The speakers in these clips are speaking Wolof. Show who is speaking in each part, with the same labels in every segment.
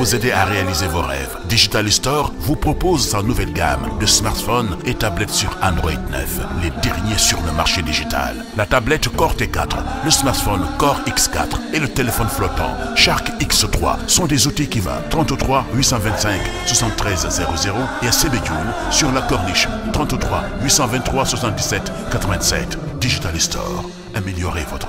Speaker 1: vous aider à réaliser vos rêves. Digital Store vous propose sa nouvelle gamme de smartphones et tablettes sur Android 9, les derniers sur le marché digital. La tablette Core T4, le smartphone Core X4 et le téléphone flottant Shark x sont des outils qui va et à sur la Corniche Digital Store, améliorez votre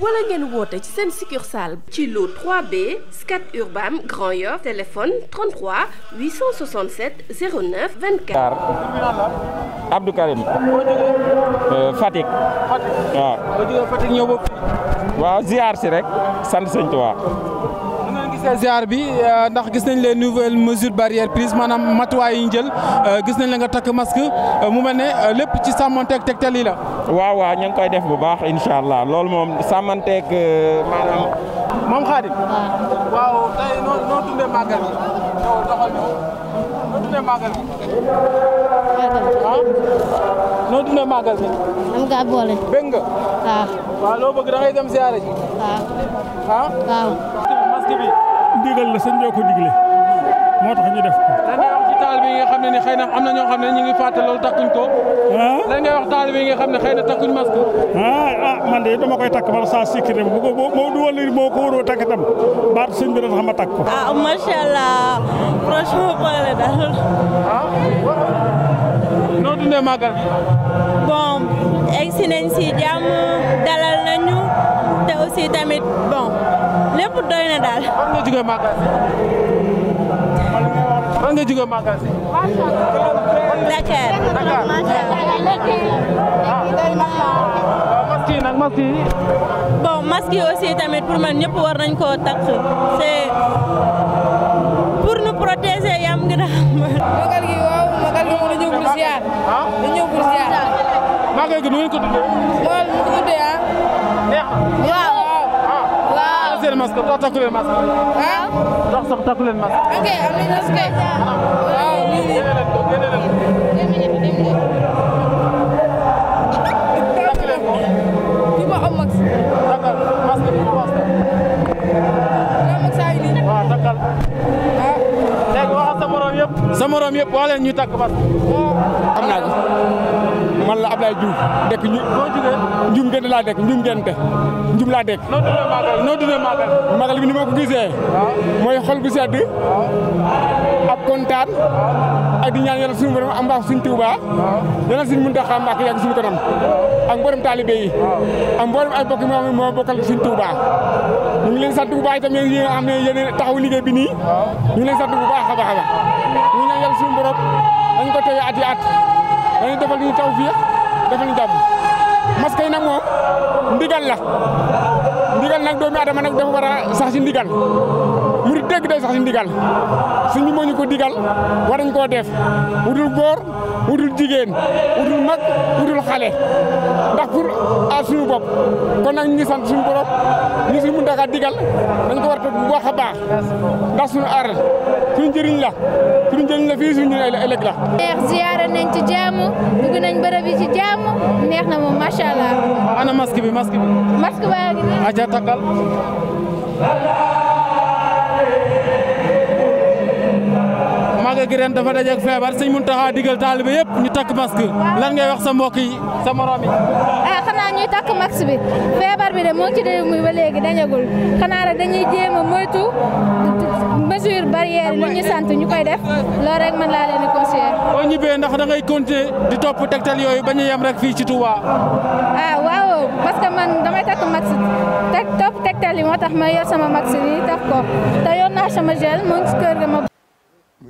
Speaker 2: wala ngeen woote ci seen succursale ci lu 3B Scat Urbam Grand Yoff téléphone 33 867 09 24.
Speaker 3: Abdou Karim euh, Fatick. waaw. waaw ziar rek sant sëñ Tuubaa commencé ziar bi euh, ndax gis nañ leen nouvelles mesures barrières prises maanaam matuwaay yi ñu jël euh, gis nañ la nga takk masque euh, mu mel ne lépp ci sàmmanteeg tegtal yi waaw waaw ñu ngi koy def bu baax incha allah loolu moom sàmmanteeg maanaam. moom Khadim. waaw noo noo tuddee màggal gi. noo tuddee màggal gi. ah noo dundee màggal bi. am ngaa boole. bëgg nga. waaw. waaw loo bëgg da ngay ndigal la sëñ bi ko digle moo tax ñu def ko. lan ngay wax yi nga xam ne ni xëy na am na ñoo xam ne ñu ngi fàtte loolu ko. ah lan ngay yi nga xam ne xëy na takkuñ masque. ah ah man de dama koy takk ba saa sikki bu ko boo du wala boo ko waroo takk itam baatu sëñ bi dafa xam a takk
Speaker 2: ko. ah daal. Ah? noo dundee màggal. bon egg si nañ aussi tamit bon lépp doy na daal. fan nga jógee bon masque yi aussi tamit pour man ñëpp war nañ koo takk c'est pour nous protéger yam ngi na xam. Magal gi waaw Magal gi moom la
Speaker 3: ñëw pour ziar. ah la ñëw pour ziar. Magal gi nu ngeen masque bi tax takku leen masque sa morom yëpp. sa morom yëpp wax leen takk masque.
Speaker 2: am naa man la Ablaye Diouf dëkk ñu boo jógee njum gën laa dëkk njum gën te njum laa dëkk noo tuddee màggal noo tuddee màggal màggal bi ni ma ko gisee mooy xol bu sedd ak kontaan ak di ñaan yàlla suñu borom am mbaax suñu Tuuba yàlla suñu Muntaxa Mbàkke yàgg suñu kanam ak mboolem taalibe yi ak mboolem ay bokk moom moo bokkal suñu Tuuba ñu ngi leen sant bu baax itam yéen xam ne yéen taxaw liggéey bi nii ñu ngi leen sant bu baax a baax a baax ñu ñaan yàlla suñu borom dañ ko tewee at yi at dañuy defal ñu taw fii defal ñu jàmm masque na nag moom ndigal la ndigal nag doomi adama nag dafa war a sax ndigal murid dégg day sax ci ndigal suñ bi moo ñu ko digal war nañ koo def wutul góor wutul jigéen wutul mag wutul xale ndax pour aar suñu bopp kon nag ñu ngi sant suñu borom ñu si mun daka digal dañ ko war a bu baax a baax ndax suñu aar suñu njëriñ la suñu njëriñ fii suñu ëllëg la. neex ziyaare nañ ci jàmm dugg nañ bërëb yi ci jàmm neex na moom macha allah.
Speaker 3: ana masque bi masque bi. masque baa ngi nii. aja takkal. màggal gi ren dafa dajeeg feebar sëñ Muntaxa digal taalibe yëpp ñu takk masque lan ngay wax sa mbokk yi sa morom yi.
Speaker 2: ah xanaa ñuy takk masque bi feebar bi de moo ngi ci réew mi ba léegi dañagul xanaa rek dañuy jéem a moytu
Speaker 3: mesure barrière li ñu sant ñu koy def loolu rek man laa leen di conseiller. ñibbee ndax da ngay continuer di topp tegtal yooyu ba ñu yem rek fii ci Touba.
Speaker 2: ah waaw parce que man damay takk masque teg topp tegtal yi moo tax ma yor sama masque yi taf ko te naa sama